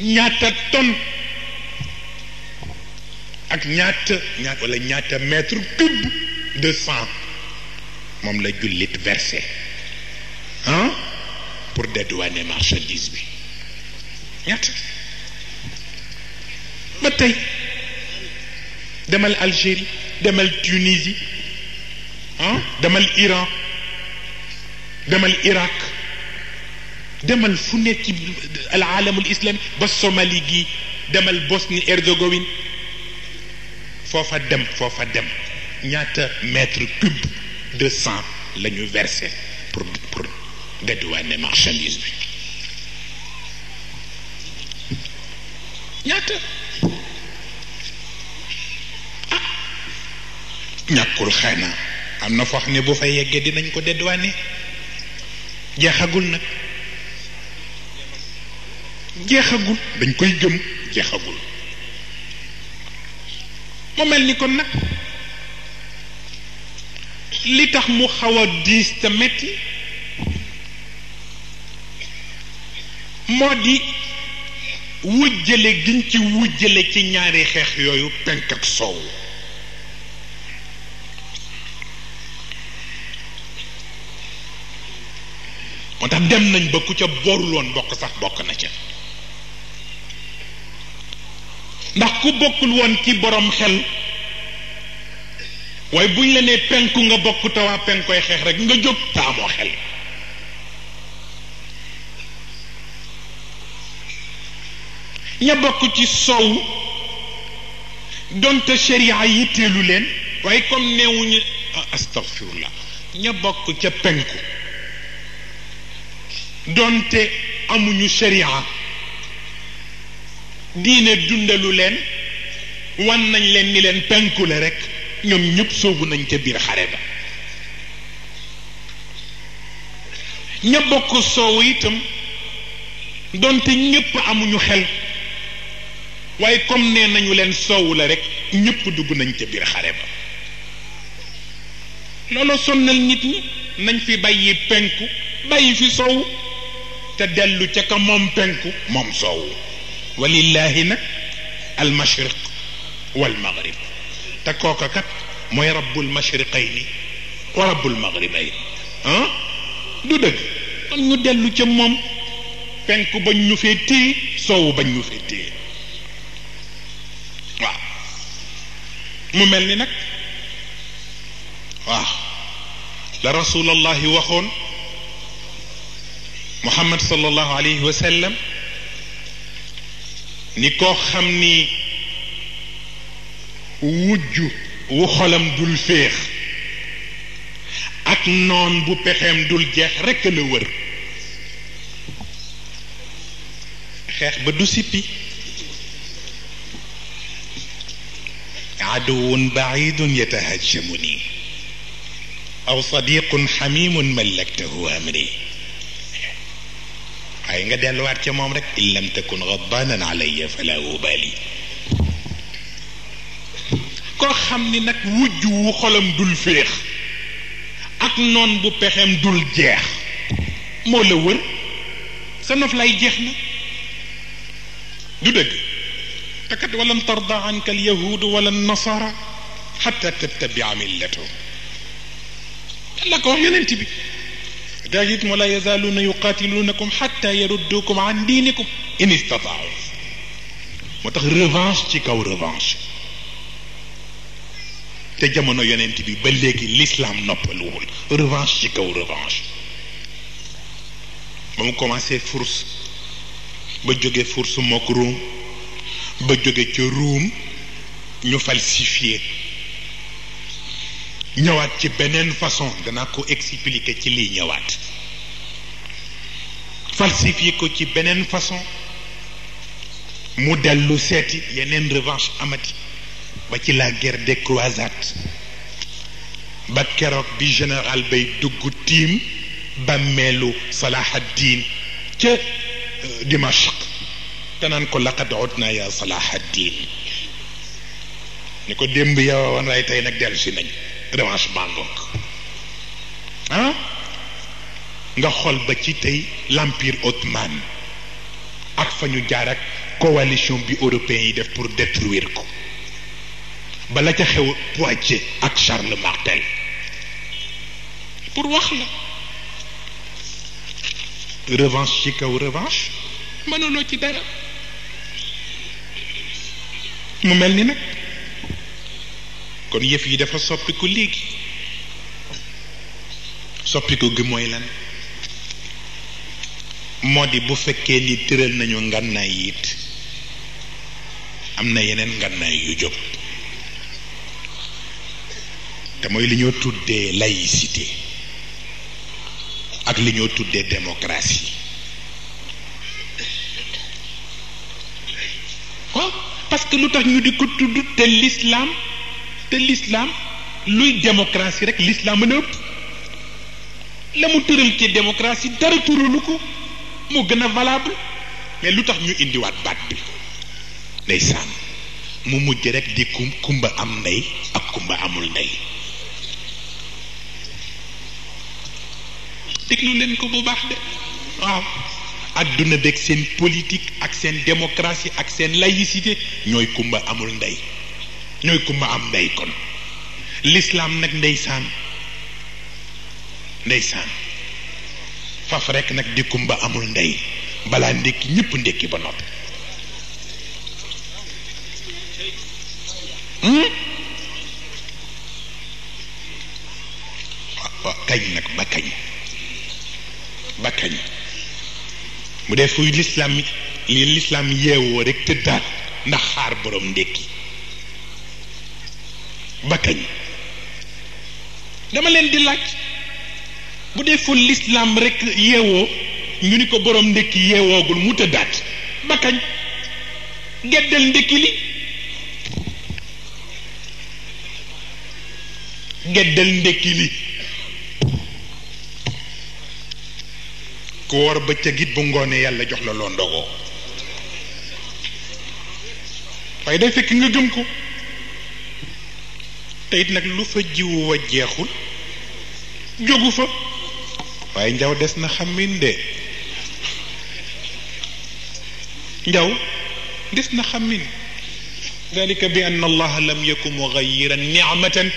Speaker 1: ñaata ton ak ñaata ñaata wala ñaata mètre cube de sang mom la jullit versé hein pour dédouaner marchandise bi ñaata ba tay demal Algérie demal Tunisie hein? demal Iran demal Irak demal fu nekk al alaalamul bas ba Somalie gi demal Bosnie Herzégovine faire dem foofa dem un mètre cube de sang la versé pour pour dédouaner Y bi ñàkkul xanaa am na foo xam ne bu fa yeggee dinañ ko dédduwaane jeexagul nag jeexagul dañ koy gëm jeexagul mu mel ni kon nag li tax mu xaw a diis te metti moo di wujjale giñ ci wujjale ci ñaari xeex yooyu penk ak soow moo tax dem nañ ba ku ca boruloon bokk sax bokk na ca ndax ku bokkul woon ci borom xel waaye buñ la nee penku nga bokk te waa penkoy xeex rek nga jóg taamoo xel ña bokk ci sow donte sharia yi leen waaye comme neewuñu astafirullah ña bokk ca penku donte amuñu sharia diine dundalu leen wan nañ leen ni leen penku la rek ñoom ñëpp soobu nañ ca biir xare ba ña bokk soowu itam donte ñëpp amuñu xel waaye comme nee nañu leen soowu la rek ñépp dugg nañ ca biir xare ba loolu sonnal nit ñi nañ fi bàyyi penku bàyyi fi soow te dellu ca ka moom penku moom soowu walillahi nag al mashriq wal maghrib te kooka kat mooy rabbul mashriqayni wa rabbul maghribayni ah du dëgg kon ñu dellu ca moom penku bañ ñu fee téye soowu bañ ñu fee téye waaw mu mel ni nag waaw la rasulallahi waxoon محمد صلى الله عليه وسلم نيكو خامني ووجو وخلم دول فيخ اك نون بو بخيم دول جيخ رك لا وير خيخ با دوسيبي عدو بعيد يتهجمني او صديق حميم ملكته امري waaye nga delluwaat ca moom rek in lam takun gadbanan alayya fala ubali koo xam ni nag wujj wu xolam dul féex ak noon bu pexem dul jeex moo la wër sa nof lay jeex na du dëgg te kat walan tarda anka alyahudu wala nasara xatta tattabia millatahum yàlla ko wax yonent bi مجاهد ولا يزالون يقاتلونكم حتى يردوكم عن دينكم إن استطاعوا motax revanche ci kaw revanche te jamono yonent bi ba léegi l'islam noppaluwul revanche ci kaw revanche ba mu commencé furs ba jóge furs mook ruum ba jóge ca ruum ñu falsifier ñëwaat ci beneen façon danaa ko expliquer ci liy ñëwaat falsifier ko ci beneen façon mu dellu seeti yeneen revanche amati ba ci la guerre des croisades ba keroog bi général bay dugg tiim bàmmeelu salahaddin ca euh, Dimashq te naan ko laqad udna ya salahaddin ni ko démb yow woon waaye tey nag dellu nañ revanche bangok ah nga xool ba ci tey lampiir ottoman ak fa ñu jaar ak coalition bi européen yi def pour détruire ko bala ca xew Poitiers ak Charles Martel pour wax la revanche ci kaw revanche mënuloo ci dara mu mel ni nag kon yëf yi dafa soppiku léegi soppiku gi mooy lan moo di bu fekkee ni tëral nañu ngànnaay yit am na yeneen ngànnaay yu jóg te mooy li ñoo tuddee laïcité ak li ñoo tuddee démocratie waaw parce lu tax ñu di ko tudd te l'islam te l'islam luy démocratie rek l'islam mën a ëpp la mu tëral ci démocratie dara tëralu ko moo gën a valable mais lu tax ñu indiwaat baat bi ndeysaan mu mujj rek di kum kumba am ndey ak kumba amul ndey déglu leen ko bu baax de waaw àdduna beeg seen politique ak seen démocratie ak seen laïcité ñooy kumba amul ndey ñooy kumba am ndey kon lislaam nag ndeysaan ndeysaan faf rekk nag di kumba amul ndey balaa ndékki ñëpp ndékki ba noppi hmm? waaw kañ nag ba kañ ba kañ bu dee fuy lislaam yi lislaam yeewoo rekk tëddaat ndax xaar boroom ndékki ba dama leen di laaj bu dee fu lislaam rekk yeewoo ñu ni ko boroom ndékki yeewoogul mu tëddaat bakkañ kañ geddal ndékki li geddal ndékki li ku woor bëccëg it bu ngoonee yàlla jox la loo ndogoo waaye day fekk nga gëm ko te it nag lu fa jiwu wa jeexul jógu fa waaye njaw des na xamin de njaw des na xamin dalika bi ann allaha lam yakun mugayiran nicmatan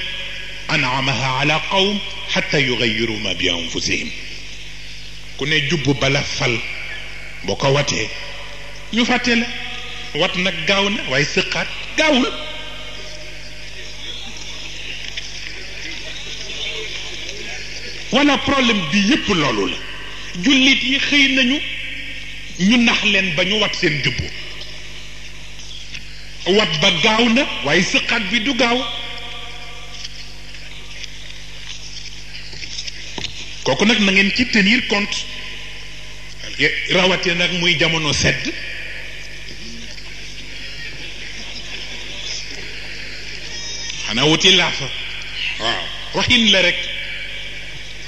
Speaker 1: anamaha ala qawm xata yugayiru ma bi anfusihim ku ne jubb bala fal boo ko watee ñu fàtte la wat nag gaaw na waaye sëqaat gaawul wala problème bi yépp loolu la jullit yi xëy nañu ñu nax leen ba ñu wat seen dëbbu wat ba gaaw na waaye sëqat bi du gaaw kooku nag na ngeen ci tenir compte rawate nag muy jamono sedd xanaa wuti laafa waaw waxin la rekk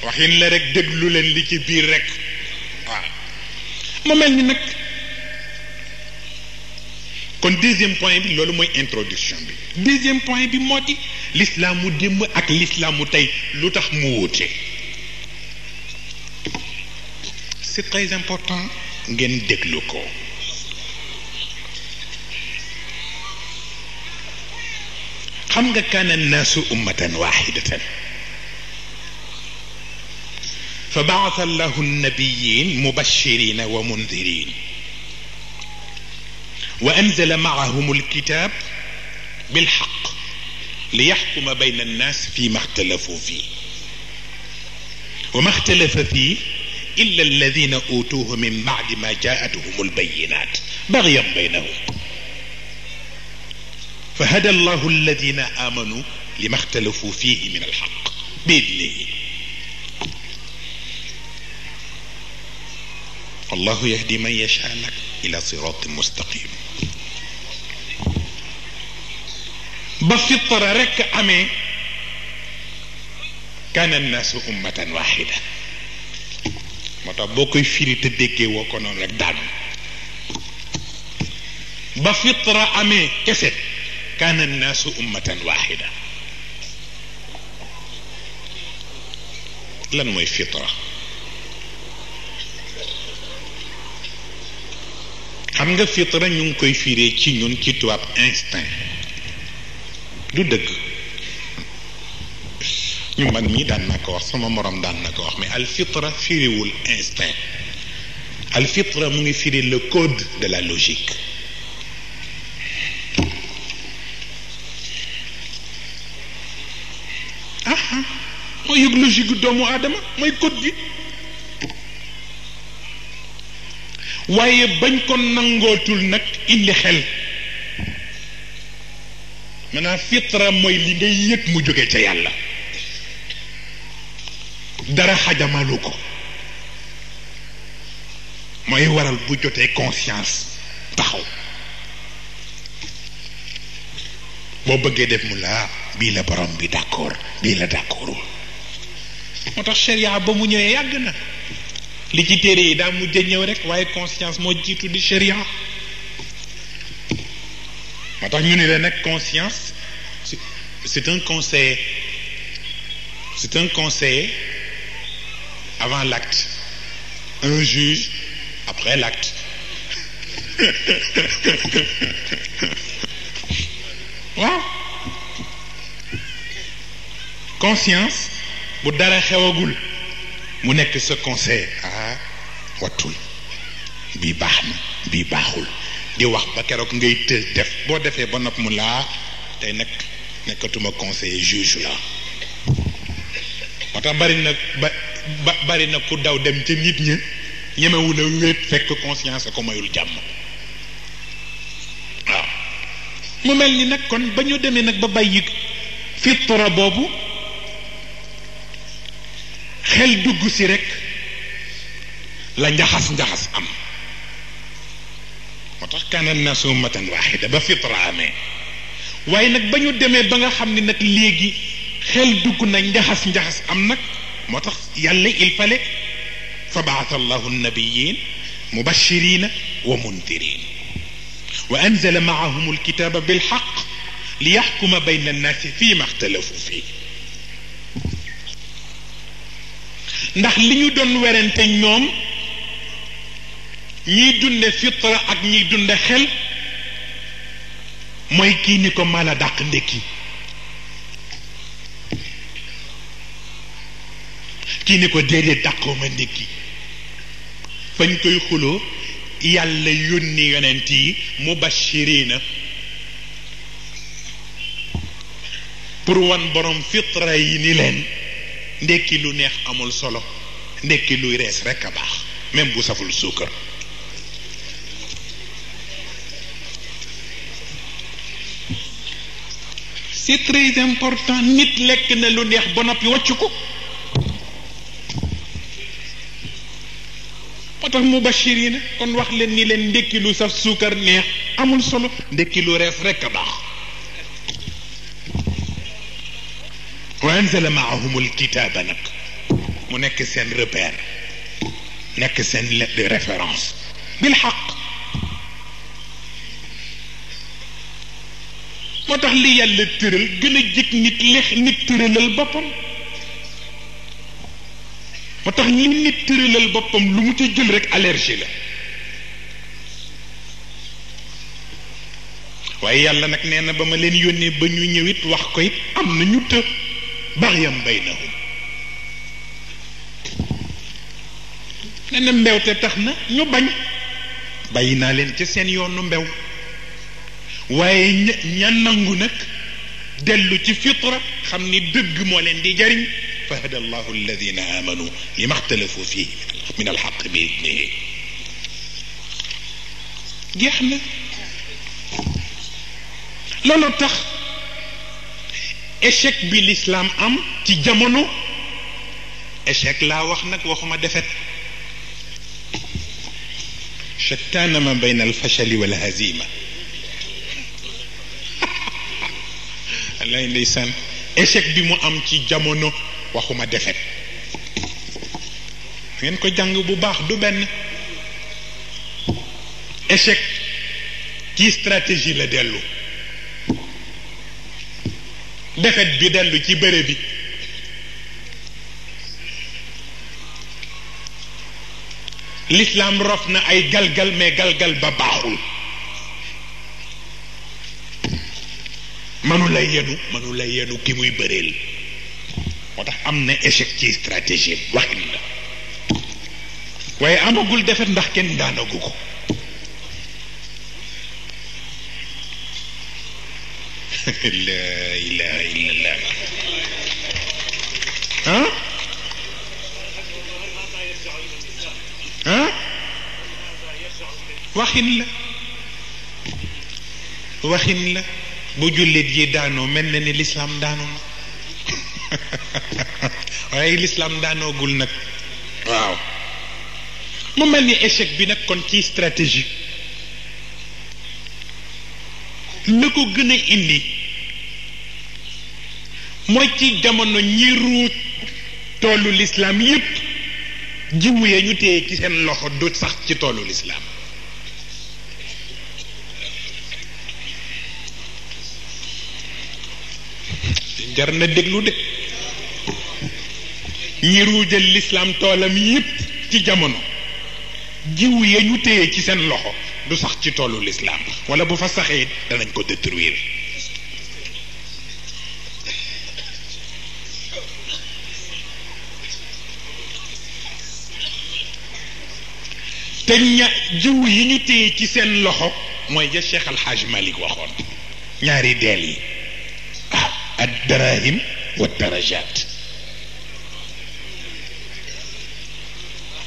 Speaker 1: waxin la rek déglu leen li ci biir rek waaw mu mel ni nag kon deuxième point bi loolu mooy introduction bi deuxième point bi moo di lislaamu démb ak lislaamu tey lu tax mu wute c'est très important ngeen déglu ko xam nga kaana naasu ummatan waahidatan فبعث الله النبيين مبشرين ومنذرين وانزل معهم الكتاب بالحق ليحكم بين الناس فيما اختلفوا فيه وما اختلف فيه الا الذين اوتوه من بعد ما جاءتهم البينات بغيا بينهم فهدى الله الذين امنوا لما اختلفوا فيه من الحق باذنه الله يهدي من يشاء لك الى صراط مستقيم بس رك امي كان الناس امة واحدة متبوكي فيري تدكي وكونو لك دان بفطرة أمي كسر كان الناس أمة واحدة لن مي فطرة xam nga fitra ñu ngi koy fiire ci ñun ci tuwaab instinct du dëgg ñu man mii daan na ko wax sama moroom daan na ko wax mais alfitra firiwul instinct alfitra mu ngi firi le code de la logique ah, ah mooy yëg logique doomu aadama mooy code bi waye bañ ko nangotul nak indi xel maanaam fitra moy li ngay yek mu jóge ca yàlla dara hajamaluko moy waral bu jotee conscience taxaw bo bëggee def mu la bi la borom bi d'accord bi la d'accordul motax sharia ba mu ñëwé yàgg na li ci téere yi daa mujj ñëw rek waaye conscience moo jiitu di sharia moo tax ñu ne conscience c'est un conseil c'est un conseil avant l'acte un juge après l'acte waaw conscience bu dara xewagul mu nekk conseil ah watul bii baax na bii di wax ba keroog ngay def boo defee ba nopp mu laa tey nag nekkatuma juge la moo bari na ba bari ku daw dem nit fekk conscience ko mayul jàmm waaw mu xel dugg si rek la njaxas njaxas am moo tax kaana naasu ummatan waxida ba fitra amee waaye nag ba ñu demee ba nga xam ne nag léegi xel dugg na njaxas njaxas am nag moo tax yàlla il fallait fa baata allahu nabiyin mubashirin wa mundirin wa anzala maahum alkitaba bilxaq liyaxkuma bayna annaasi fi ma ixtalafu fii ndax li ñu doon werante ñoom ñiy dunde fitra ak ñiy dunde xel mooy kii ni ko mala dàq ndékki kii ni ko déedéet dàqooma ndékki fañ koy xuloo yàlla yónni yonent yi mubashirina pour wan borom fitra yi ni leen ndekki lu neex amul solo ndekki luy rees rekk a baax même bu saful suukar c'est très important nit lekk na lu neex ba noppi wàcc ko moo tax mubashir yi na kon wax leen ni leen ndekki lu saf suukar neex amul solo ndekki lu rees rekk a baax وأنزل معهم الكتاب nag mu nekk seen repère nekk seen lettre de référence bil xaq moo tax li yàlla tëral gën a jëkk nit leex nit tëralal boppam moo tax li nit tëralal boppam lu mu ci jël rek allergie la waaye yàlla nag nee na ba ma leen yónnee ba ñu ñëwit wax ko it am na ñu të بغيا بينهم لان مبيو تتخنا نبني بينا لين تسين يون مبيو واي نيانانغونك دلو تي فطرة خمني دق مولين دي جارين فهدى الله الذين آمنوا لما اختلفوا فيه من الحق بإذنه دي احنا لا تخ échec bi l'islam am ci jamono échec laa wax nag waxuma defet شتان ما بين الفشل والهزيمة الله ليسان échec bi mu am ci jamono waxuma defet ngeen ko jàng bu baax du benn échec ci stratégie la dellu defet bi dellu ci bëre bi lislaam rof na ay galgal mais galgal ba baaxul mënu yenu mënu la yenu ki muy bëreel moo tax am na échec ci stratégie waxin la waaye amagul defet ndax kenn daanagu ko لا اله الا الله ها ها وخلا وخلا بو جوليت جي دانو ملني الاسلام دانو اي الاسلام دانو غول نك واو مو ملني ايشيك بي نك كون كي استراتيجي na ko gën a indi mooy ci jamono ñi ruut toolu lislaam yépp jiwu ya ñu téye ci seen loxo du sax ci toolu lislaam jar na déglu de ñi jël lislaam toolam yépp ci jamono jiwu ya ñu téye ci seen loxo du sax ci tollu l'islam wala bu fa saxee danañ ko détruire te ña jiw yi ñu téye ci seen loxo moy je cheikh al alxaaj malik waxon ñaari del yi ad darahim wa darajat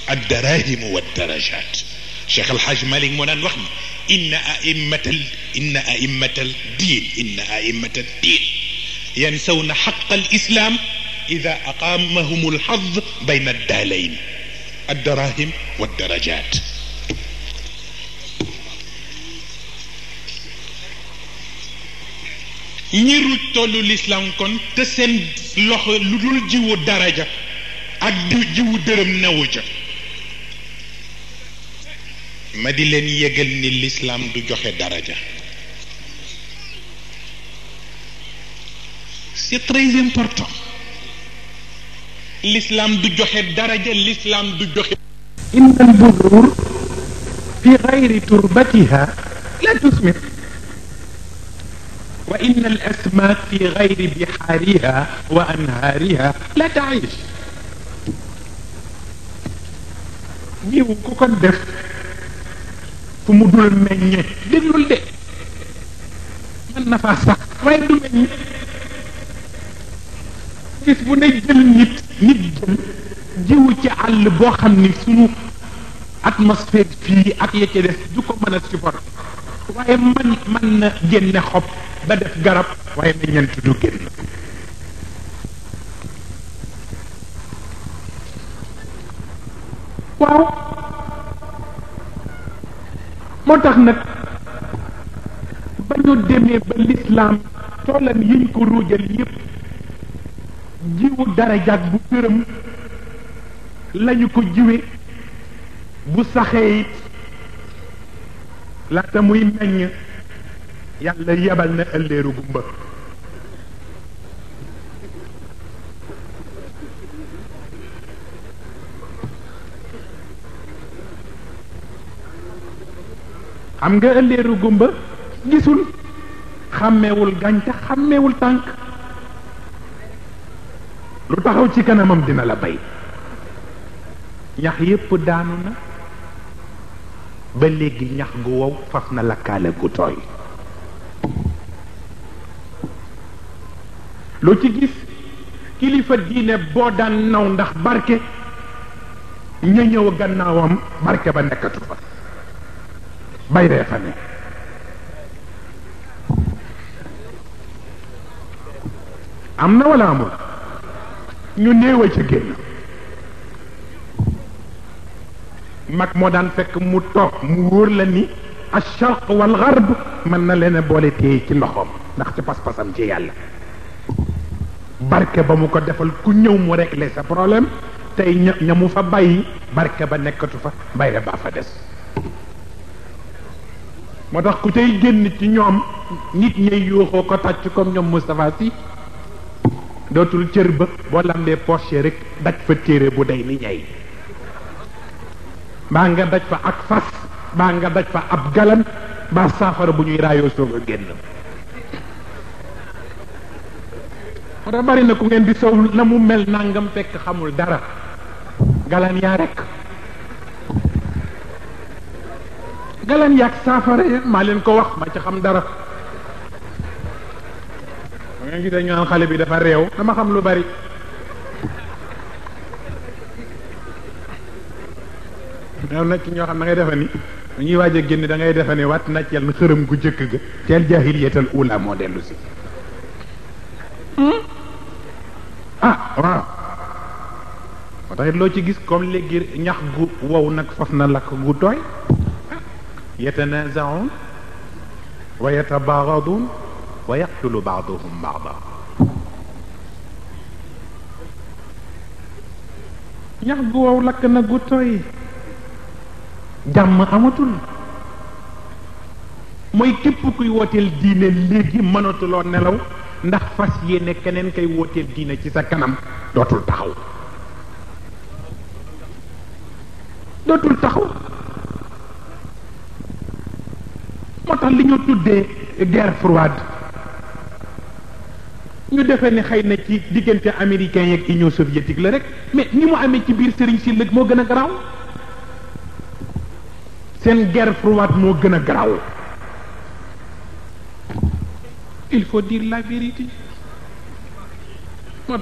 Speaker 1: الدراهم والدرجات شيخ الحاج مالك منان وخني إن أئمة ال... إن أئمة الدين إن أئمة الدين ينسون حق الإسلام إذا أقامهم الحظ بين الدالين الدراهم والدرجات نيرو tollu الاسلام كون تسن لوخ لودول جيو درجه jiwu daraja ak jiwu dërëm newu ca ما دي لين يغل الاسلام دو جوخه درجه سي تريز امبورطون الاسلام دو جوخه درجه الاسلام دو جوخه ان البذور في غير تربتها لا تثمر وان الاسماك في غير بحارها وانهارها لا تعيش ni ko fu mu dul meññe déglul de mën na faa sax waaye du meññ gis bu ne jël nit nit jël jiwu ci àll boo xam ne sunu atmosphère fii ak ya ca des du ko mën a supporter waaye man mën na génne xob ba def garab waaye meññent du génn waaw moo tax nag ba ñu demee ba lislaam toolam yiñ ko ruujal yépp jiwu darajaat bu gërëm lañu ko jiwe bu saxee it laata muy meññ yàlla yebal na ëlleeru gumba xam nga ëlleeru gumba gisul xàmmeewul gàncax xàmmewul tànk lu taxaw ci kanamam dina la bay ñax yépp daanu na ba léegi ñax gu wow fas na lakkaale gu tooy lu ci gis kilifa diine boo daan naw ndax barke ña ñëw gannaawam barke ba nekkatu fa বাইরে এখানে am na wala amul ñu néew ca génn mag moo daan fekk mu toog mu wóor la ni alcharq wal garb mën na leen a boole téye ci loxoom ndax ci pas-pasam ci yàlla barke ba mu ko defal ku ñëw mu régler sa problème tey ña ña mu fa bàyyi barke ba nekkatu fa bayre baa fa des moo tax ku tey génn ci ñoom nit ñay yuuxoo ko tàcc comme ñoom Moustapha Sy dootul cër ba boo lambee poche rek daj fa téere bu day ni ñay baa nga daj fa ak fas baa nga daj fa ab galan ba saafara bu ñuy raayoo soog a génn moo tax bari na ku ngeen di sow na mu mel nangam fekk xamul dara galan yaa rekk galan yak safare ma len ko wax ma ci xam dara ma nga gisee ñu xale bi dafa rew dama xam lu bari daw nak ñoo xam na ngay defa ni dañuy waaj da ngay defani wat na ceel xërem gu jëk ga tel jahiliyatul ula mo delu ci hmm? ah wa moo tay lo ci gis comme legir ñax gu wow nak faf na gu tooy يتنازعون ويتباغضون ويقتل بعضهم بعضا يحبوا لك انا غوتوي جام اماتول موي كيب كوي ووتيل دين ليغي مانوتلو نلاو ndax fas yene keneen kay wote diine ci sa kanam dootul taxaw dootul taxaw moo tax li ñu tuddee guerre froide ñu defee ne xeyna ci diggante américain yeeg union soviétique la rek mais ni mu amé ci biir sëriñ ci lëg moo gën a garaaw guerre froide mo gëna graw il faut dire la vérité moo